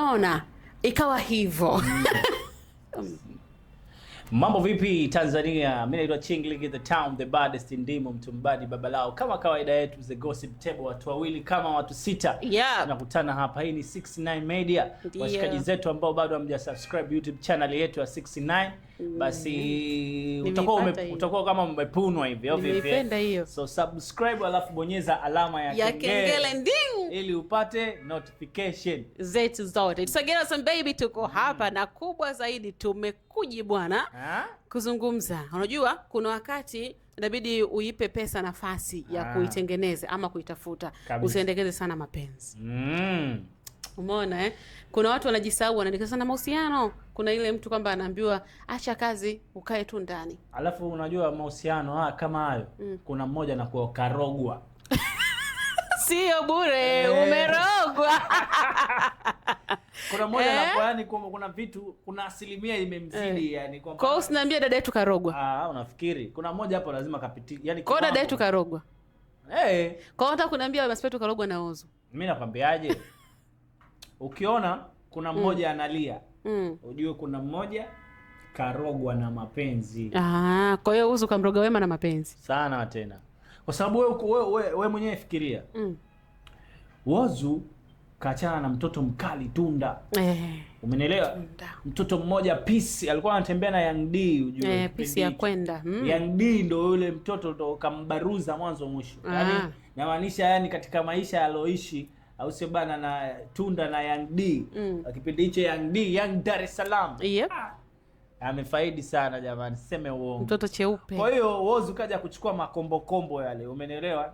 unaona ikawa hivyo mm. Mambo vipi Tanzania? Mimi naitwa Chingling the town the baddest ndimo mtumbadi lao. Kama kawaida yetu the gossip table, watu wawili kama watu sita tunakutana yeah. Hapa hii ni 69 Media yeah. Washikaji zetu ambao bado hamja subscribe YouTube channel yetu ya 69 mm. Basi utakuwa ume, utakuwa kama umepunwa hivi au vipi? So subscribe alafu bonyeza alama ya, ya kengele nding ili upate notification zetu zote. It's again some baby, tuko hapa mm. na kubwa zaidi tumekuji bwana Ah. Kuzungumza, unajua kuna wakati inabidi uipe pesa nafasi ya ha, ah. kuitengeneza ama kuitafuta, usiendekeze sana mapenzi mm. Umeona eh? Kuna watu wanajisahau wanaendekeza sana mahusiano. Kuna ile mtu kwamba anaambiwa acha kazi ukae tu ndani, alafu unajua mahusiano ah, kama hayo mm. Kuna mmoja anakuwa karogwa sio bure eh. Umerogwa. kuna moja eh? na kwani kuna vitu kuna asilimia imemzidi eh. Yani kwa kwa usiniambie dada yetu karogwa. Ah, unafikiri kuna moja hapo lazima kapitie. Yani kwa dada yetu karogwa eh, kwa hata nataka kuniambia basi yetu karogwa na Ozo. Mimi nakwambiaje? ukiona kuna mm. mmoja mm. analia mm. ujue kuna mmoja karogwa na mapenzi. Ah, kwa hiyo Ozo kamroga Wema na mapenzi sana tena kwa sababu we, we, we, we mwenyewe fikiria mm. Whozu kaachana na mtoto mkali Tunda eh, umenielewa? Mtoto mmoja Pisi alikuwa anatembea na Young D ujue, eh, Pisi ya kwenda mm. Young D ndo yule mtoto ndo kambaruza mwanzo mwisho, ah. yaani namaanisha, yani katika maisha aloishi au sio bana, na Tunda na Young D mm. kipindi hicho Young D Young Dar es Salaam yep. ah amefaidi sana jamani, seme uongo, mtoto cheupe. Kwa hiyo wozi ukaja kuchukua makombokombo yale, umenielewa?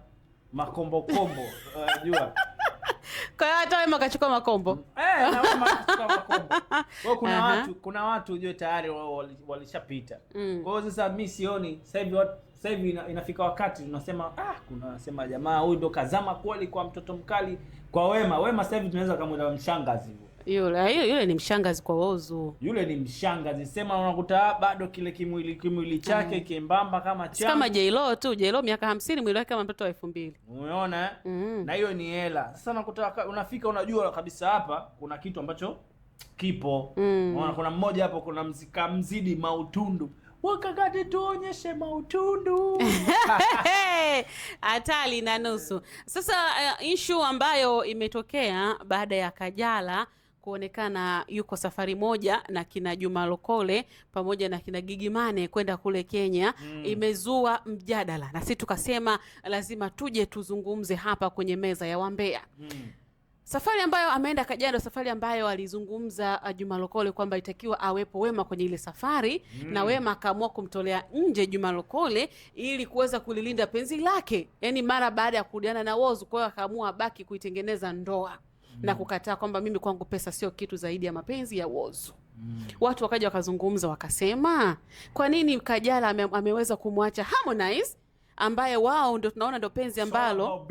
Makombokombo unajua kwa hiyo hata wema kachukua makombo eh, na wema kachukua makombo. Kwa kuna uh -huh. watu kuna watu ujue tayari walishapita wali mm. Kwa hiyo sasa mimi sioni sasa hivi sasa hivi ina, inafika wakati tunasema ah, kuna nasema jamaa huyu ndo kazama kweli kwa mtoto mkali kwa Wema. Wema sasa hivi tunaweza kumwita mshangazi huyo. Yule ah, yule, yule ni mshangazi kwa Whozu. Yule ni mshangazi, sema unakuta bado kile kimwili kimwili chake mm. Kembamba kama cha kama jailo tu jailo, miaka hamsini mwili wake kama mtoto wa elfu umeona eh? mm. Na hiyo ni hela. Sasa unakuta unafika, unajua kabisa hapa kuna kitu ambacho kipo mm. kuna mmoja hapo, kuna mzika mzidi mautundu wakakati tuonyeshe mautundu hatari na nusu. Sasa uh, issue ambayo imetokea baada ya Kajala kuonekana yuko safari moja na kina Juma Lokole pamoja na kina Gigimane kwenda kule Kenya mm. Imezua mjadala na sisi tukasema lazima tuje tuzungumze hapa kwenye meza ya Wambea mm. Safari ambayo ameenda Kajiado, safari ambayo alizungumza uh, Juma Lokole kwamba itakiwa awepo Wema kwenye ile safari mm. na Wema akaamua kumtolea nje Juma Lokole ili kuweza kulilinda penzi lake, yaani mara baada ya kurudiana na Whozu, kwa hiyo akaamua abaki kuitengeneza ndoa mm. Mm. na kukataa kwamba mimi kwangu pesa sio kitu zaidi ya mapenzi ya Whozu. Mm. Watu wakaja wakazungumza wakasema, kwa nini Kajala ame, ameweza kumwacha Harmonize ambaye wao ndio tunaona ndio penzi ambalo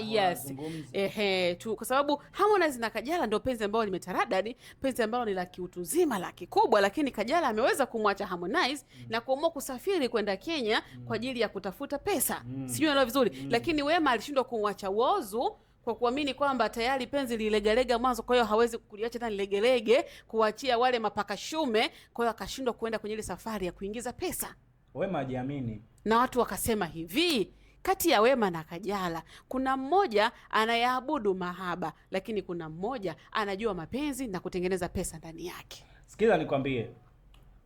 yes, ehe tu, kwa sababu Harmonize na Kajala ndio penzi ambalo limetaradadi, penzi ambalo ni la kiutu zima la kikubwa, lakini Kajala ameweza kumwacha Harmonize mm. na kuamua kusafiri kwenda Kenya mm. kwa ajili ya kutafuta pesa mm. sijui naelewa vizuri mm. lakini Wema alishindwa kumwacha Whozu kwa kuamini kwamba tayari penzi lilegelega mwanzo, kwa hiyo hawezi kuliacha tena lilegelege, kuachia wale mapakashume. Kwa hiyo akashindwa kuenda kwenye ile safari ya kuingiza pesa. Wema ajiamini, na watu wakasema hivi kati ya Wema na Kajala kuna mmoja anayeabudu mahaba, lakini kuna mmoja anajua mapenzi na kutengeneza pesa ndani yake. Sikiza nikwambie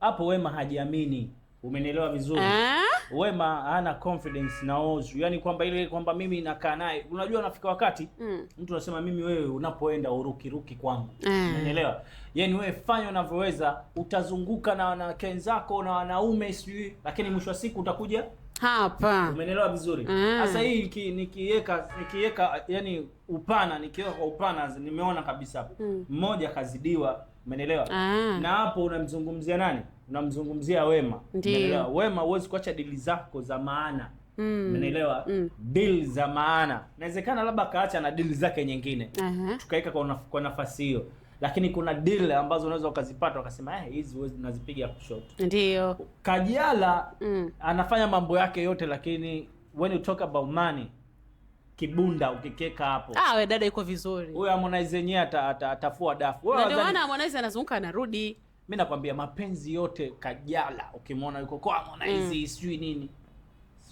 hapo, Wema hajiamini. Umenielewa vizuri? Ah, Wema hana confidence na Ozu, yani kwamba ile kwamba mimi nakaa naye, unajua nafika wakati mm. mtu anasema mimi wewe unapoenda urukiruki kwangu mm. unaelewa, wewe fanya unavyoweza, utazunguka na wanawake zako na wanaume sijui, lakini mwisho wa siku utakuja hapa. Umeelewa vizuri sasa? Eh. mm. hii nikiweka nikiweka, yani upana nikiweka kwa upana, nimeona kabisa mm. mmoja mm. kazidiwa Umeelewa? Ah. Na hapo unamzungumzia nani? Unamzungumzia Wema. Umeelewa? Wema huwezi kuacha dili zako za maana. Hmm. Umeelewa? Mm. Mm. Dili za maana. Inawezekana labda kaacha na dili zake nyingine. Uh-huh. Tukaweka kwa, naf kwa nafasi hiyo. Lakini kuna dili ambazo unaweza ukazipata ukasema eh, hizi huwezi nazipiga kushoto. Ndio. Kajala mm. anafanya mambo yake yote lakini when you talk about money kibunda ukikeka hapo. Ah, we dada yuko vizuri. Huyo Harmonize yenyewe atafua dafu. Wewe ndio maana Harmonize anazunguka anarudi. Mimi nakwambia mapenzi yote kajala, ukimwona yuko kwa Harmonize mm. sijui nini.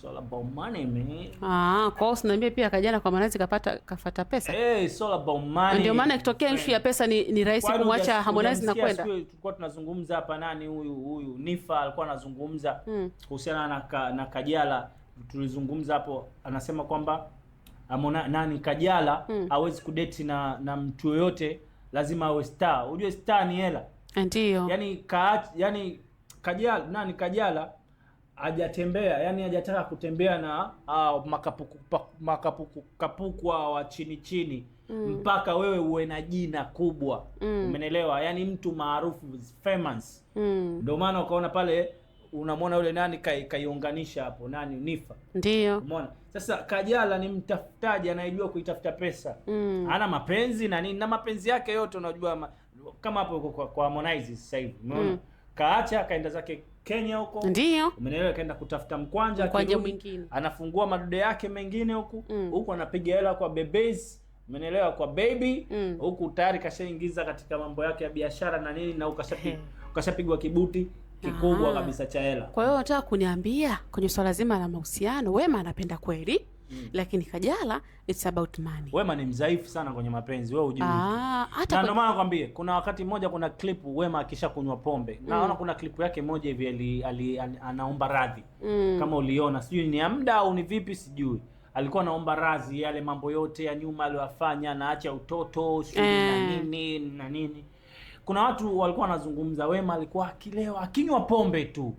Swala about money man. Ah, kwa hiyo usiniambie pia kajala kwa Harmonize kapata kafata pesa. Eh, hey, swala about money. Ndio maana ikitokea issue ya pesa ni, ni rahisi kumwacha Harmonize na kwenda. Tulikuwa tunazungumza hapa nani huyu huyu Nifa alikuwa anazungumza mm. kuhusiana na, ka, na kajala tulizungumza hapo, anasema kwamba amona, nani Kajala mm. awezi kudeti na na mtu yoyote, lazima awe star. Unajua star ni hela, ndio yani ka, yani Kajala nani Kajala hajatembea yani hajataka kutembea na uh, makapuku makapuku kapuku wa chini chini mm. mpaka wewe uwe na jina kubwa mm. Umenelewa? Yani mtu maarufu famous mm. Ndio maana ukaona pale unamwona yule nani kaiunganisha kai hapo nani Nifa, ndio umeona sasa Kajala ni mtafutaji anayejua kuitafuta pesa mm. ana mapenzi na nini na mapenzi yake yote unajua ma, kama hapo kwa, kwa Harmonize sasa hivi umeona mm. kaacha kaenda zake Kenya huko ndio umeelewa, kaenda kutafuta mkwanja mwingine, anafungua madude yake mengine huku mm. huku mm. anapiga hela kwa bebes umeelewa, kwa baby mm. huku mm. tayari kashaingiza katika mambo yake ya biashara na nini na ukashapigwa kibuti kikubwa kabisa cha hela. Kwa hiyo unataka kuniambia kwenye swala zima la mahusiano, Wema anapenda kweli mm. Lakini Kajala it's about money. Wema ni mdhaifu sana kwenye mapenzi, wewe hujui. Ah, hata ndio maana nakwambia kuna wakati mmoja kuna clip Wema akisha kunywa pombe. Mm. Naona kuna clip yake moja hivi ali, ali, ali, anaomba radhi. Mm. Kama uliona, sijui ni muda au ni vipi sijui. Alikuwa anaomba radhi yale mambo yote ya nyuma aliyofanya, naacha utoto, sijui eh, na nini na nini kuna watu walikuwa wanazungumza Wema alikuwa akilewa akinywa pombe tu,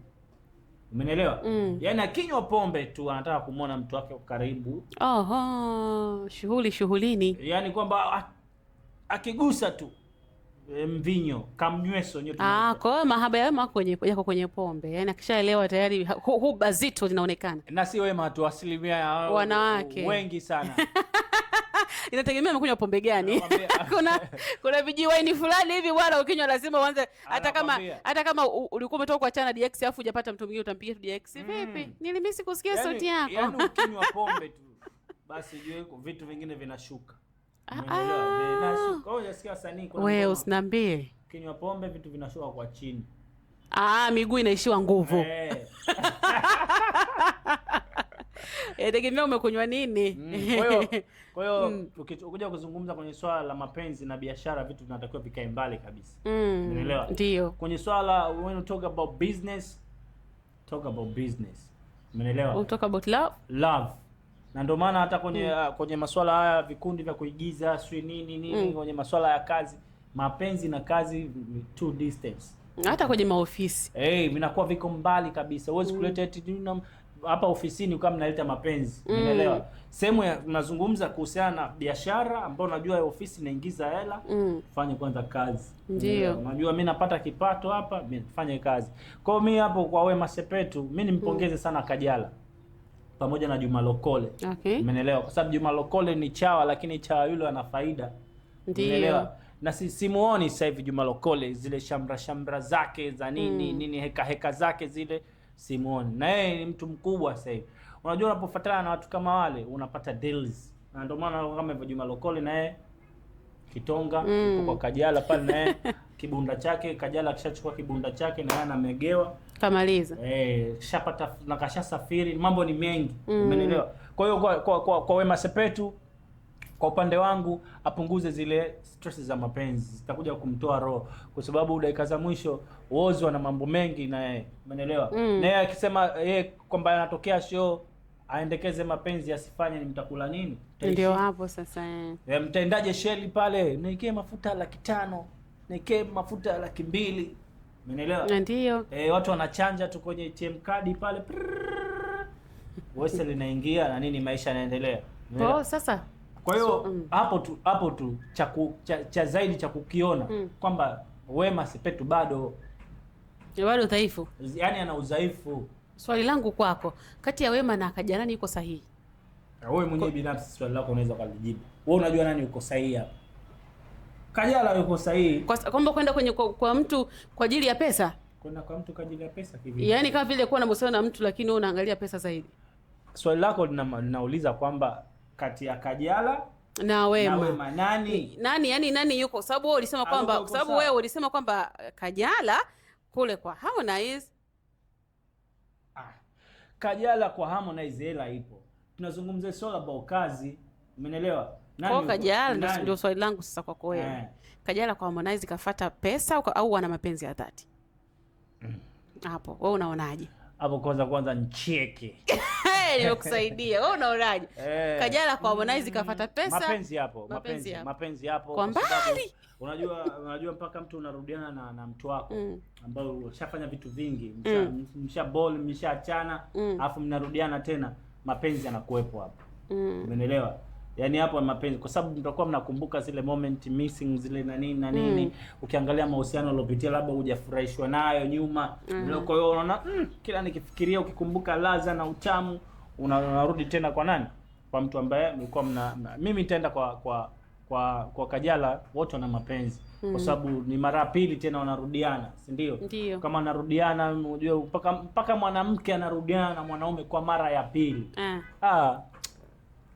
umenielewa? mm. Yaani akinywa pombe tu anataka kumwona mtu wake karibu. Oho, shughuli shughulini, yaani kwamba akigusa tu e, mvinyo kamnyweso nyote. Ah, kwa hiyo mahaba ya Wema kwenye yako kwenye pombe, yaani akishaelewa tayari huba zito linaonekana, na si Wema tu, asilimia wanawake wengi sana inategemea amekunywa pombe gani. kuna kuna vijiwaini fulani hivi bwana, ukinywa lazima uanze, hata kama hata kama ulikuwa umetoka kwa chana DX afu hujapata mtu mwingine, utampigia tu DX mm. vipi, mm. nilimisi kusikia yani, sauti yako yani ukinywa pombe tu basi jue vitu vingine vinashuka. Ah, ah. Wewe usiniambie kinywa pombe vitu vinashuka kwa chini. Ah, miguu inaishiwa nguvu. Hey. Eh. Yategemea umekunywa nini. Mm, kwa hiyo kwa hiyo mm. ukija kuzungumza kwenye swala la mapenzi na biashara, vitu vinatakiwa vikae mbali kabisa. Unaelewa? Mm, ndio. Kwenye swala when you talk about business, talk about business. Umeelewa? We talk about love. Love. Na ndio maana hata kwenye mm, kwenye masuala haya vikundi vya kuigiza, sio nini nini, mm, kwenye masuala ya kazi, mapenzi na kazi two distance hata kwenye maofisi eh, hey, vinakuwa viko mbali kabisa. Huwezi kuleta mm. eti hapa ofisini ukawa mnaleta mapenzi mm. Unaelewa, sehemu mnazungumza kuhusiana na biashara ambayo unajua ofisi inaingiza hela mm. Fanye kwanza kazi, ndio unajua mimi napata kipato hapa, fanye kazi. Kwa hiyo mimi hapo kwa Wema Sepetu mimi nimpongeze mm. sana Kajala pamoja na Juma Lokole, okay. Umeelewa, kwa sababu Juma Lokole ni chawa, lakini chawa yule ana faida, umeelewa na si, simuoni sasa hivi Juma Lokole zile shamra shamra zake za nini mm. nini heka heka zake zile simuoni, na yeye ni mtu mkubwa sasa hivi. Unajua, unapofuatana na watu kama wale unapata deals, na ndio maana kama hivyo Juma Lokole na yeye Kitonga mm. kwa Kajala pale na yeye kibunda chake Kajala kishachukua kibunda chake na yeye anamegewa kamaliza eh, kishapata na kashasafiri, mambo ni mengi, mm. umeelewa mm. kwa hiyo kwa, kwa, kwa, kwa Wema Sepetu kwa upande wangu apunguze zile stress za mapenzi zitakuja kumtoa roho, kwa sababu dakika za mwisho wozwa na mambo mengi na yeye, umeelewa? mm. na yeye akisema yeye eh, kwamba anatokea show aendekeze mapenzi asifanye, ni mtakula nini? Ndio hapo sasa e, mtaendaje sheli pale? naikee mafuta laki tano, mafuta laki mbili, umeelewa? Ndio e, watu wanachanja tu kwenye ATM kadi pale, wese linaingia na nini, maisha yanaendelea. Oh, sasa kwa hiyo mm. hapo tu hapo tu cha, cha, cha zaidi cha kukiona mm. kwamba Wema Sepetu bado bado dhaifu, yaani ana udhaifu. Swali langu kwako, kati ya Wema na Akaja nani yuko sahihi? Wewe mwenyewe binafsi swali lako unaweza ukalijibu wewe, unajua nani yuko sahihi hapa? Kajala yuko sahihi Kwa sababu kwenda kwenye kwa, kwa mtu kwa ajili ya pesa, kwenda kwa mtu kwa ajili ya pesa kivipi? Yaani kama vile kuwa na mahusiano na mtu, lakini wewe unaangalia pesa zaidi. Swali lako linauliza kwamba kati ya Kajala na Wema, na Wema nani nani, yani nani yuko? Sababu wewe ulisema kwamba kwa sababu wewe ulisema kwamba eh, Kajala kule kwa Harmonize ah, Kajala kwa Harmonize hela ipo. Tunazungumzia swala about kazi, umeelewa? Kwa Kajala ndio swali langu sasa kwa kwa wewe eh. Kajala kwa Harmonize kafata pesa au wana mapenzi ya dhati mm. hapo? Mm. Wewe unaonaje hapo? Kwanza kwanza ncheke hey, nimekusaidia wewe unaonaje? Eh. Kajala kwa Harmonize kafata mm. pesa, mapenzi yapo, mapenzi yapo, mapenzi yapo kwa mbali. Unajua, unajua mpaka mtu unarudiana na, na mtu wako mm. ambayo ushafanya vitu vingi mm. msha ball mshaachana mm. alafu mnarudiana tena, mapenzi yanakuwepo hapo, mm. umeelewa mm. Yaani hapo mapenzi kwa sababu mtakuwa mnakumbuka zile moment missing zile na nini na nini mm. Ukiangalia mahusiano aliopitia labda hujafurahishwa nayo nyuma mm. Kwa hiyo unaona mm, kila nikifikiria ukikumbuka ladha na utamu unarudi tena kwa nani? Kwa mtu ambaye mlikuwa mna, mna, mimi nitaenda kwa kwa kwa kwa Kajala wote wana mapenzi mm. Kwa hmm. sababu ni mara pili tena wanarudiana, si ndio? Kama wanarudiana, unajua mpaka mpaka mwanamke anarudiana na mwanaume kwa mara ya pili ah. Ah.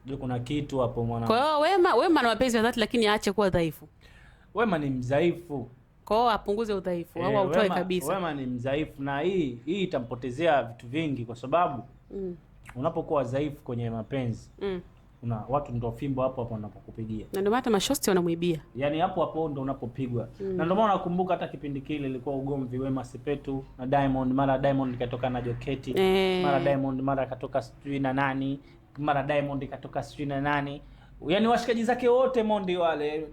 Ndio kuna kitu hapo mwana. Kwa hiyo Wema Wema na mapenzi ya dhati, lakini aache kuwa dhaifu. Wema ni mdhaifu. Kwa hiyo apunguze udhaifu e, au eh, autoe kabisa. Wema ni mdhaifu na hii hii itampotezea vitu vingi kwa sababu mm unapokuwa dhaifu kwenye mapenzi mm. Una, watu ndio fimbo hapo hapo wanapokupigia, na ndio maana mashosti wanamwibia, yani hapo hapo ndio unapopigwa mm. Na ndio maana nakumbuka hata kipindi kile ilikuwa ugomvi Wema Sepetu na Diamond, mara Diamond ikatoka na Joketi eh. Mara Diamond mara katoka sijui na nani, mara Diamond ikatoka sijui na nani Yaani washikaji zake wote Mondi wale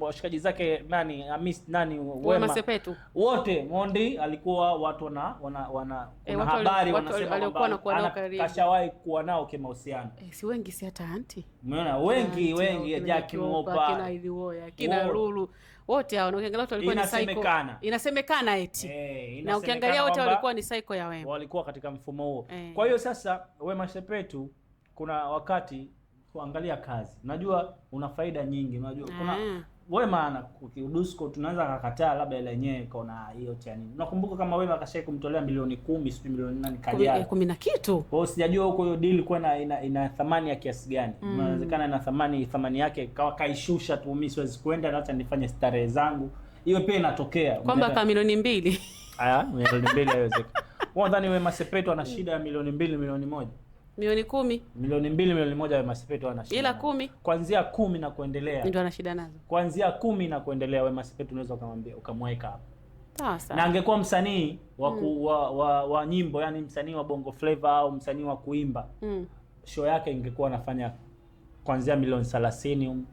washikaji zake nani amis, nani Wema Sepetu wote Mondi alikuwa watu wana wana wana e, watu habari wanasema kwamba kashawahi kuwa nao kimahusiano. E, si wengi si hata anti. Umeona wengi anti, wengi ya Jackie Mopa kina Idhiwoya kina Lulu wote hao ukiangalia watu walikuwa ni psycho. Inasemekana eti e, na ukiangalia wote walikuwa ni psycho ya Wema. Walikuwa katika mfumo huo. E. Kwa hiyo sasa Wema Sepetu kuna wakati kuangalia kazi. unajua una faida nyingi, unajua kuna wewe ah. maana Dusko tunaanza kakataa labda ile yenyewe kaona hiyo cha nini. Nakumbuka kama wewe akashai kumtolea milioni kumi, sio milioni nane Kajala. Eh, kumi na kitu. Kwa hiyo sijajua huko hiyo deal kwa ina, ina, ina thamani ya kiasi gani. Mm. Inawezekana ina thamani thamani yake kawa kaishusha tu mimi siwezi kwenda na hata nifanye starehe zangu. Hiyo pia inatokea. Kwamba kama milioni mbili. Aya, milioni mbili haiwezekani. Wewe unadhani Wema Masepetu ana shida ya milioni mbili milioni moja? milioni kumi, milioni mbili, milioni moja Wema Sepetu ana shida, ila kumi kuanzia kumi na kuendelea ndio ana shida nazo. Kuanzia kumi na kuendelea Wema Sepetu unaweza ukamwambia ukamweka hapo sawa na angekuwa msanii wa, mm. wa, wa, wa nyimbo yani msanii wa bongo flavor au msanii wa kuimba mm. show yake ingekuwa anafanya kuanzia milioni 30 um.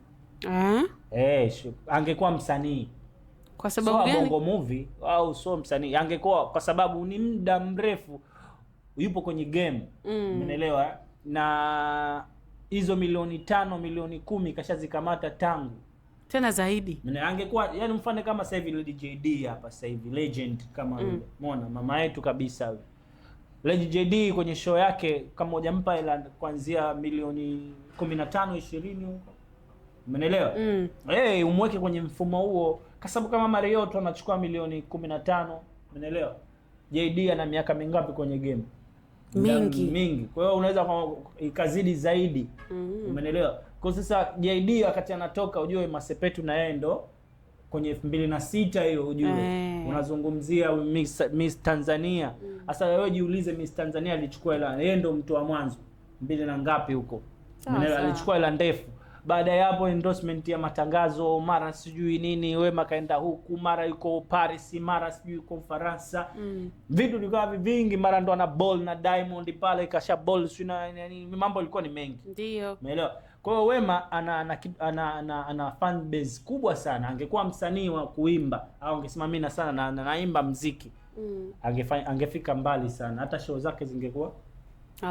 ah eh, angekuwa msanii kwa sababu so, gani bongo movie au so msanii angekuwa, kwa sababu ni muda mrefu yupo kwenye game mm. Umeelewa? Na hizo milioni tano milioni kumi kashazikamata tangu tena zaidi. Angekuwa yani mfano kama sasa hivi Lady JD hapa sasa hivi legend kama mm. Umeona mama yetu kabisa huyo. Lady JD kwenye show yake kama hujampa hela kuanzia milioni 15 20 huko. Umeelewa? Mm. Hey, umweke kwenye mfumo huo kwa sababu kama tu anachukua milioni 15, umeelewa? JD ana miaka mingapi kwenye game? mingi mingi, kwa hiyo unaweza ikazidi zaidi mm -hmm. Umeelewa? Kwa sasa JD wakati anatoka, ujue Masepetu na yeye ndo kwenye elfu mbili na sita hiyo ujue hey. Eh. Unazungumzia Miss, Miss Tanzania mm. sasa mm. Wewe jiulize Miss Tanzania alichukua hela, yeye ndo mtu wa mwanzo mbili na ngapi huko, alichukua hela ndefu baada ya hapo endorsement ya matangazo, mara sijui nini, Wema kaenda huku, mara yuko Paris, mara sijui yuko Faransa mm. vitu vilikuwa vingi, mara ndo ana ball na Diamond pale kasha ball, si na nini, mambo yalikuwa ni mengi, ndio umeelewa. Kwa hiyo Wema ana ana, ana, ana, ana fan base kubwa sana. Angekuwa msanii wa kuimba au angesema mimi na sana na, na naimba mziki mm. Angefa, angefika mbali sana, hata show zake zingekuwa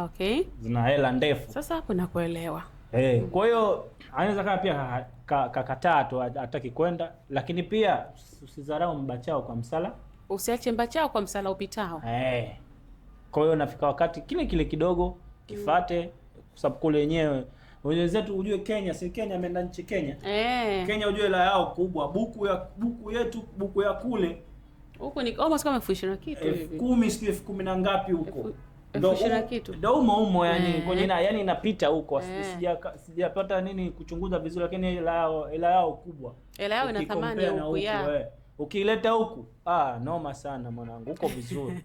okay, zina hela ndefu. Sasa hapo nakuelewa. Eh, mm. kwa hiyo anaweza kama pia kakataa tu hataki kwenda, lakini pia usidharau mbachao kwa msala, usiache mbachao kwa msala upitao. Eh, kwa hiyo nafika wakati kile kile kidogo kifate mm. kwa sababu kule yenyewe wenzetu ujue Kenya si Kenya ameenda nchi Kenya eh. Kenya ujue la yao kubwa buku ya buku yetu buku ya kule huko ni almost kama elfu ishirini na kitu hivi, elfu kumi sijui elfu kumi na ngapi huko ndo ndo umo umo yani e. Eh. kwenye na yani inapita huko e. sijapata sija nini kuchunguza vizuri, lakini hela yao hela yao kubwa, hela yao ina thamani huko ya eh. ukileta huku ah, noma sana mwanangu, uko vizuri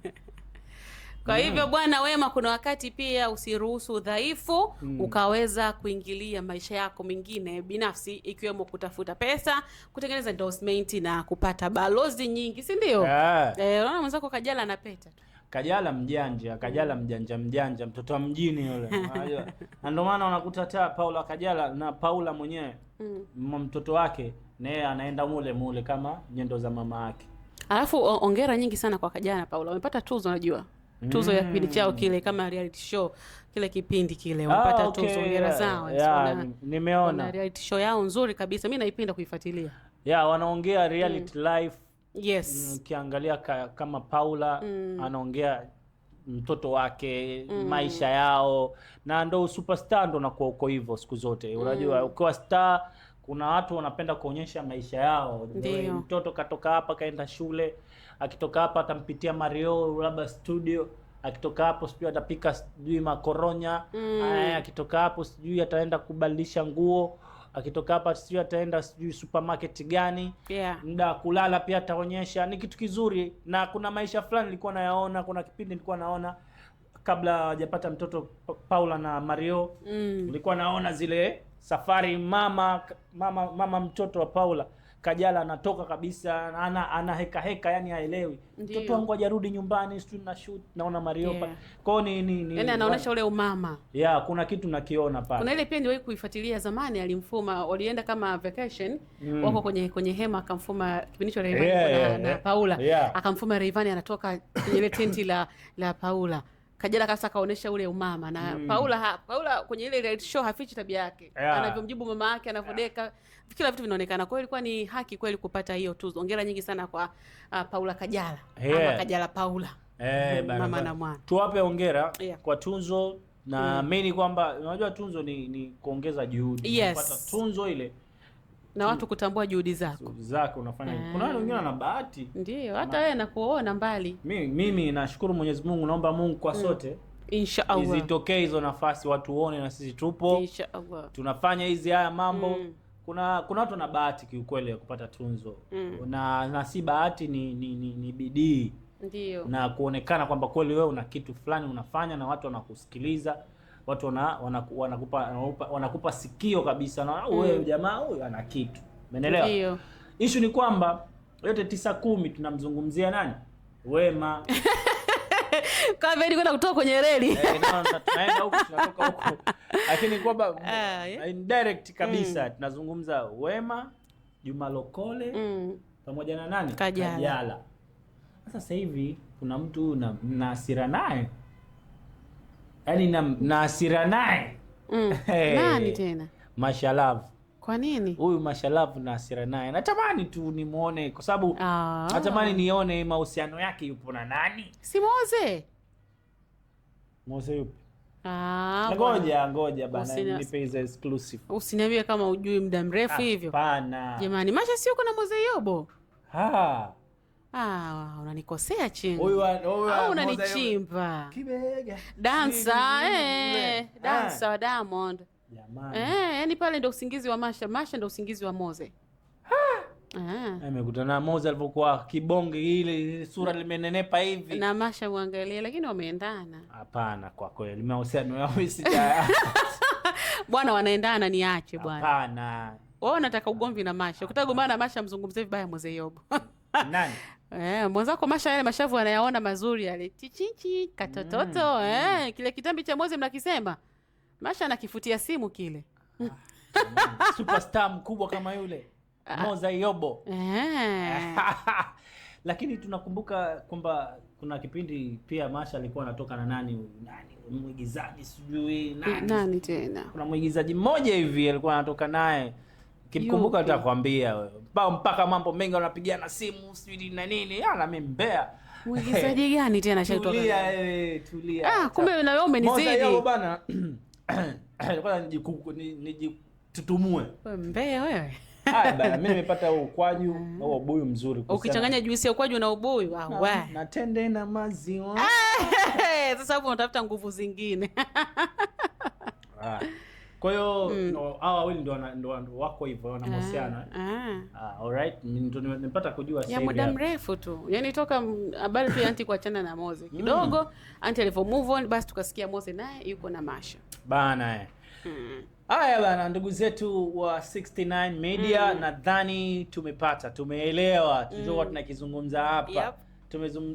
Kwa hivyo mm. bwana Wema, kuna wakati pia usiruhusu udhaifu mm, ukaweza kuingilia maisha yako mengine binafsi, ikiwemo kutafuta pesa, kutengeneza endorsement na kupata balozi nyingi, si ndio? Unaona yeah. E, mwenzako kajala anapeta tu Kajala mjanja, Kajala mjanja mjanja, mtoto wa mjini yule, unajua na ndio maana unakuta hata Paula Kajala na Paula mwenyewe mm. mtoto wake naye anaenda mule mule kama nyendo za mama yake. Alafu ongera nyingi sana kwa Kajala na Paula, wamepata tuzo, unajua tuzo mm. ya kipindi chao mm. kile, kama reality show kile kipindi kile wamepata ah, okay, tuzo. Ongera zao yeah, nimeona reality show yao nzuri kabisa, mimi naipenda kuifuatilia. Yeah, wanaongea reality mm. life Yes. Mm, ukiangalia ka, kama Paula mm. anaongea mtoto wake mm. maisha yao, na ndo superstar ndo nakuwa uko hivyo siku zote. Mm. Unajua ukiwa star kuna watu wanapenda kuonyesha maisha yao. Ndiyo. Mtoto katoka hapa kaenda shule, akitoka hapa atampitia Mario labda studio, akitoka hapo sijui atapika sijui makoronya mm. Eh, akitoka hapo sijui ataenda kubadilisha nguo akitoka hapa sijui ataenda sijui supermarket gani, yeah. muda wa kulala pia ataonyesha. Ni kitu kizuri, na kuna maisha fulani nilikuwa nayaona, kuna kipindi nilikuwa naona kabla hajapata mtoto Paula na Mario mm. naona zile safari mama mama mama mtoto wa Paula Kajala anatoka kabisa ana, ana heka heka, yani haelewi, mtoto wangu hajarudi nyumbani, sio na shoot naona Mariopa yeah. kwao ni ni, ni yani anaonesha ule umama yeah, kuna kitu nakiona pale. Kuna ile pia niliwahi kuifuatilia zamani, alimfuma walienda kama vacation mm. wako kwenye kwenye hema, akamfuma kipindi cha Rayvanny yeah, na, yeah, na Paula yeah. akamfuma Rayvanny anatoka kwenye ile tenti la la Paula Kajala kasa kaonesha ule umama na mm. Paula ha, Paula kwenye ile reality show hafichi tabia yake yeah. Anavyomjibu mama yake anavyodeka yeah. Kila vitu vinaonekana. Kwa hiyo ilikuwa ni haki kweli kupata hiyo tuzo. ongera nyingi sana kwa uh, Paula Kajala yeah. Ama Kajala Paula hey, mm, mama na mwana tuwape ongera yeah. kwa tunzo na mm. mimi kwamba unajua tunzo ni, ni kuongeza juhudi yes. Kupata tunzo ile na watu kutambua juhudi zako juhudi zako unafanya. kuna wale wengine wana ah. bahati ndio hata wewe nakuona mbali. Mimi, mimi nashukuru Mwenyezi Mungu, naomba Mungu kwa mm. sote inshallah izitokee hizo nafasi, watu uone na sisi tupo inshallah tunafanya hizi haya mambo mm. Kuna kuna watu wana bahati kiukweli ya kupata tunzo mm. na na si bahati ni, ni, ni, ni bidii ndio na kuonekana kwamba kweli wewe una kitu fulani unafanya na watu wanakusikiliza watu wana, wanaku, wanakupa, wanakupa, wanakupa sikio kabisa na wewe ah, mm. jamaa huyu ana kitu. Umeelewa? Issue ni kwamba yote tisa kumi tunamzungumzia nani? Wema. Kama ni kwenda kutoka kwenye reli. Eh, tunaenda huko tunatoka huko. Lakini kwamba uh, yeah. indirect kabisa mm. tunazungumza Wema, Juma Lokole mm. pamoja na nani? Kajala. Kajala. Sasa hivi kuna mtu na, na hasira naye yani na hasira naye mm. hey. Nani tena? Mashalavu. Kwa nini huyu Mashalavu na hasira naye? Natamani tu nimuone kwa sababu ah. natamani nione mahusiano yake, yupo na nani? Si Moze? Moze yupo Ah, ngoja ngoja bana, exclusive. Usiniambie kama ujui muda mrefu ah, hivyo. Hapana. Jamani, Masha sio kuna Moze Yobo. Ah. Ah, unanikosea chini. Au ah, unanichimba. Kibega. Dansa, eh, eh. dansa wa Diamond. Jamani. Eh, yani pale ndo usingizi wa Masha, Masha ndo usingizi wa Moze. Ah. Amekutana ah. ah, na Moze alipokuwa kibonge ile sura limenenepa hivi. Na Masha uangalie lakini wameendana. Hapana kwa kweli. Mahusiano yao sija. Bwana wanaendana niache bwana. Hapana. Wewe unataka ugomvi na Masha. Ukitaka gombana na Masha mzungumzie vibaya Moze Yobo. Nani? Eh, mwenzako Masha yale mashavu anayaona mazuri yale. chichichi katototo, mm, mm. Eh, kile kitambi cha mwezi mnakisema. Masha anakifutia simu kile. Ah, superstar mkubwa kama yule. Ah. Moza Yobo. Eh. Lakini tunakumbuka kwamba kuna kipindi pia Masha alikuwa anatoka na nani nani mwigizaji sijui nani. Nani tena? Kuna mwigizaji mmoja hivi alikuwa anatoka naye. Kimkumbuka atakwambia wewe. Mpaka mambo mengi wanapigana simu sijui na nini. Ah na mimi mbea. Uigizaji gani tena shaitoka? Eh, tulia Ah, kumbe na wewe umenizidi. Mbona bana? Kwanza nijiku nijitutumue. Mbea wewe. Haya bana, mimi nimepata huu ukwaju au ubuyu mzuri kusema. Ukichanganya juisi ya ukwaju na ubuyu, wa. Ah, na tende na maziwa. Sasa hapo unatafuta nguvu zingine. Ah. Kwa hiyo mm. hawa wawili ndo wako hivyo wanahusiana. Ah, ah. Ah, alright, nimepata kujua ya muda mrefu tu, yani toka habari tu anti kuachana na Moze mm. kidogo mm. anti alivyo move on, basi tukasikia Moze naye yuko na Masha bana eh. mm. Haya bana, ndugu zetu wa 69 Media mm. nadhani tumepata, tumeelewa tulichokuwa mm. tunakizungumza hapa yep.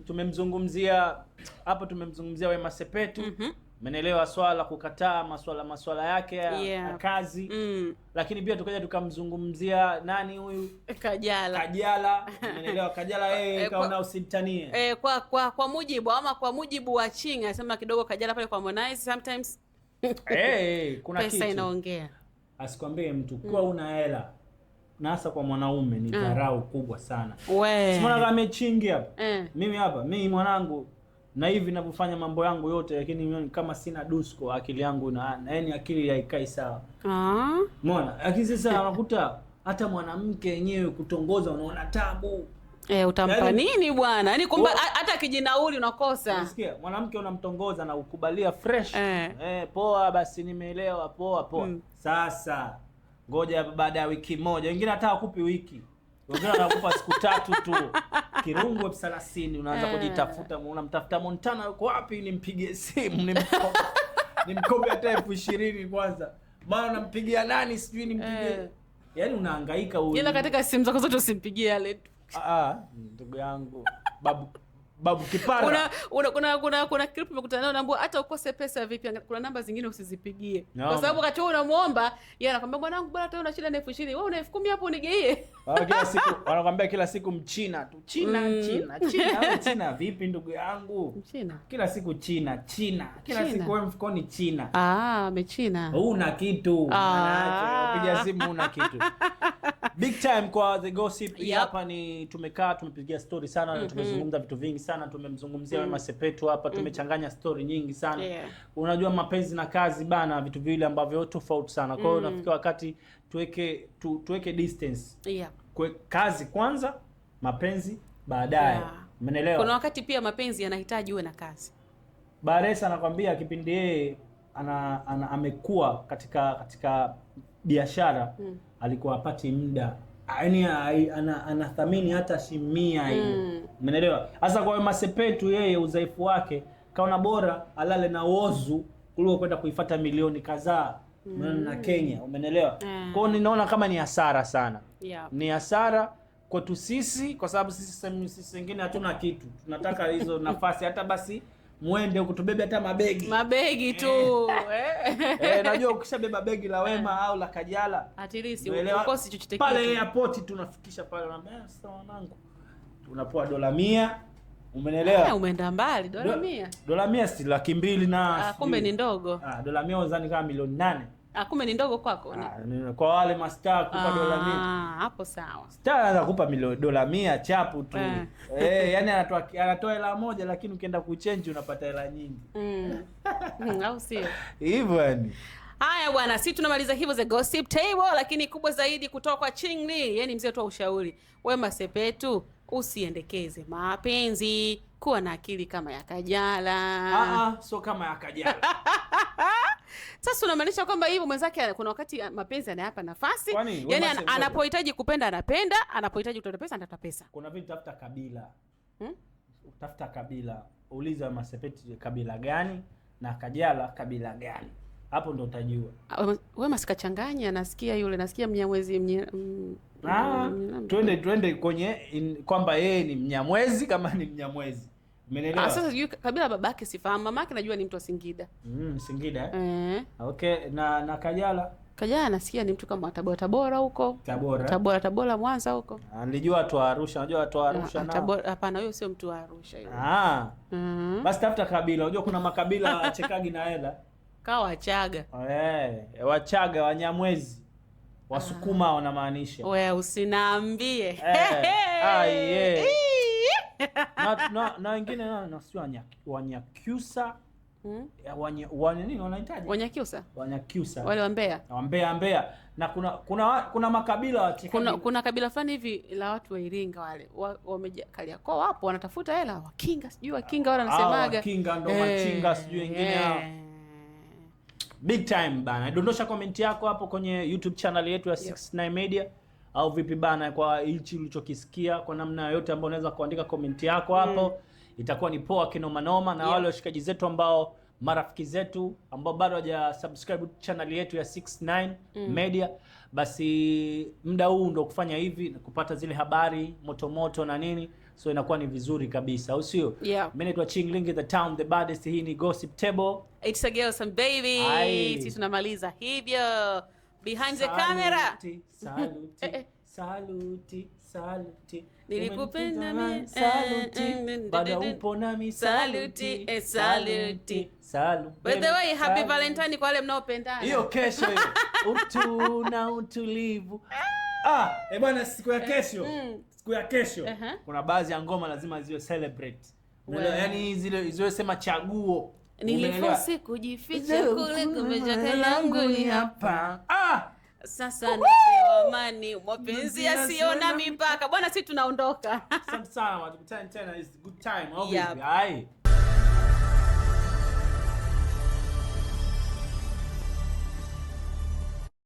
Tumemzungumzia hapo, tumemzungumzia Wema Sepetu mm -hmm. Menelewa swala la kukataa maswala maswala yake ya yeah. kazi mm. Lakini pia tukaja tukamzungumzia nani huyu eh, Kajala, Kajala menelewa Kajala yeye eh, kaona usintanie eh, kwa, kwa kwa mujibu ama kwa mujibu wa Chinga anasema kidogo Kajala pale kwa Harmonize sometimes eh hey, eh, kuna pesa kitu pesa inaongea, asikwambie mtu kwa mm. una hela na hasa kwa mwanaume ni mm. dharau mm. kubwa sana. wewe Simona kama amechingi hapa mm. Eh. mimi hapa mimi mwanangu na hivi ninavyofanya mambo yangu yote, lakini kama sina dusko akili yangu na yani akili haikai sawa, ah. umeona. Lakini sasa eh. unakuta hata mwanamke yenyewe kutongoza, unaona tabu Eh, utampa yaani- nini bwana? Yaani kumbe oh. hata kijinauli unakosa. Unasikia? Mwanamke unamtongoza na ukubalia fresh. Eh, eh poa basi nimeelewa, poa poa. Hmm. Sasa ngoja baada ya wiki moja, wengine hata hakupi wiki. Wengine wanakupa siku tatu tu. kirungu elfu thelathini unaanza eh. kujitafuta, unamtafuta Montana yuko wapi, nimpigie simu nimkope hata elfu ishirini kwanza, maana nampigia nani sijui nimpigie eh. yaani unahangaika huyu. Ila yaani katika simu zako zote usimpigie yale. Ah, ah, ndugu yangu babu babu kipara. Kuna kuna kuna kuna, kuna clip nimekutana nayo naambia hata ukose pesa vipi, kuna namba zingine usizipigie. No, kwa sababu wakati wewe unamuomba, yeye anakuambia bwanangu, bora tena una shida na elfu ishirini. Wewe una elfu kumi hapo unigeie. Ah, kila siku wanakuambia kila siku mchina tu. China, mm. China, China, China vipi ndugu yangu? Mchina. Kila siku China, China. Kila China. siku wewe mfukoni China. Ah, amechina. Una kitu. Ah. Ukija simu una kitu. Big time kwa the gossip hapa yep. ni tumekaa tumepigia story sana mm -hmm. na mm-hmm. tumezungumza vitu vingi sana sana, tumemzungumzia mm. Wema Sepetu hapa, mm. tumechanganya stori nyingi sana yeah. Unajua mapenzi na kazi bana, vitu viwili ambavyo tofauti sana. Kwa hiyo mm. nafikia wakati tuweke tu, tuweke distance yeah. Kwe, kazi kwanza, mapenzi baadaye yeah. Umeelewa? Kuna wakati pia mapenzi yanahitaji uwe na kazi. Baresa anakwambia kipindi yeye ana, ana amekuwa katika katika biashara mm. alikuwa apati muda yaani anathamini hata simia ile mm. Umeelewa? Sasa kwa Masepetu yeye udhaifu wake kaona bora alale na wozu kuliko kwenda kuifata milioni kadhaa mm. na Kenya, umeelewa? Mm. Kwa ninaona kama ni hasara sana Yeah. Ni hasara kwetu sisi kwa sababu sisi sisi wengine hatuna kitu tunataka hizo nafasi hata basi muende kutubebe hata mabegi mabegi tu eh. Eh. eh, najua ukishabeba begi la Wema au la Kajala at least ukosi chochote pale airport, tunafikisha pale, unaambia ah, sasa wanangu, tunapoa dola 100 Umenelewa? Ah, Umeenda mbali dola 100. Dola 100 si laki mbili na ah, kumbe ni ndogo. Ah, dola 100 wazani kama milioni nane. Akume ah, ni ndogo kwako ni? Ah, kwa wale kupa ah, dola mia. Hapo sawa. Star anaweza kupa milo dola mia chapu tu. Eh, eh yani anatoa anatoa hela moja lakini ukienda kuchange unapata hela nyingi. Mm. mm au sio? Hivyo yani. Haya bwana, si tunamaliza hivyo the gossip table, lakini kubwa zaidi kutoka kwa Chingli, yani mzee tu ushauri. Wema Sepetu usiendekeze mapenzi kuwa na akili kama ya Kajala. Ah, ah so kama ya Kajala. Sasa unamaanisha kwamba hivyo mwenzake kuna wakati mapenzi anayapa nafasi. Yaani an, anapohitaji kupenda anapenda, anapohitaji kutoa pesa anatoa pesa. Kuna vitu tafuta kabila. Hmm? Tafuta kabila. Uliza Masepeti kabila gani na Kajala kabila gani? hapo ndo utajua. Ah, we masikachanganya, nasikia yule, nasikia Mnyamwezi mnye, mm, mm, ah, twende twende kwenye kwamba yeye ni Mnyamwezi kama ni Mnyamwezi. Umeelewa? Ah, sasa sijui kabila babake sifahamu, mamake najua ni mtu wa Singida. Mm, Singida eh. eh. Okay, na na Kajala. Kajala nasikia ni mtu kama Tabora Tabora huko. Tabora. Tabora Tabora Mwanza huko. Ah, nilijua watu wa Arusha, unajua watu wa Arusha ah, na. Tabora hapana, huyo sio mtu wa Arusha yule. Ah. Mm. Basi tafuta kabila. Unajua kuna makabila chekagi na hela. Kaa Wachaga. Hey, eh, Wachaga, Wanyamwezi, Wasukuma ah, wanamaanisha. We usinaambie. Eh, ah, hey, na wengine nasiu hmm? Wanyakyusa Wanyakyusa wale Wambea Wambea Mbea na kuna kuna kuna makabila kuna, kuna kabila fulani hivi la watu wa Iringa wale wamejakalia kwa wapo wanatafuta hela Wakinga sijui Wakinga wale ah, wanasemaga Wakinga ndo machinga sijui wengine eh, Big time bana. Dondosha comment yako hapo kwenye YouTube channel yetu ya 69 yeah. Media au vipi bana, kwa hichi ulichokisikia kwa namna yoyote ambayo unaweza kuandika comment yako hapo mm. Itakuwa ni poa kinoma noma na yeah. Wale washikaji zetu ambao marafiki zetu ambao bado haja subscribe channel yetu ya 69 mm. Media, basi muda huu ndo kufanya hivi na kupata zile habari moto moto na nini, so inakuwa ni vizuri kabisa, au sio? yeah. Mimi naitwa Chingling the town the baddest. Hii ni Gossip Table. It's a girl some baby. Si tunamaliza hivyo. Behind the camera. Saluti, saluti, eh, eh. saluti. saluti. Nilikupenda mimi. Saluti. Baada upo nami saluti. Eh, saluti. Saluti. By the way, happy Valentine kwa wale mnaopendana. Hiyo kesho hiyo. Utu na utulivu. Ah, ah eh bwana siku ya eh, kesho. Mm. Siku ya kesho. Uh-huh. Kuna baadhi ya ngoma lazima ziwe celebrate. Yaani zile zile sema chaguo. Nilifose kujificha kule, kumbe joto langu ni hapa. Ah! Sasa nipewa amani, mapenzi na mipaka. Bwana, si tunaondoka. Sawa sawa, tukutane tena, it's good time. obviously. vipi?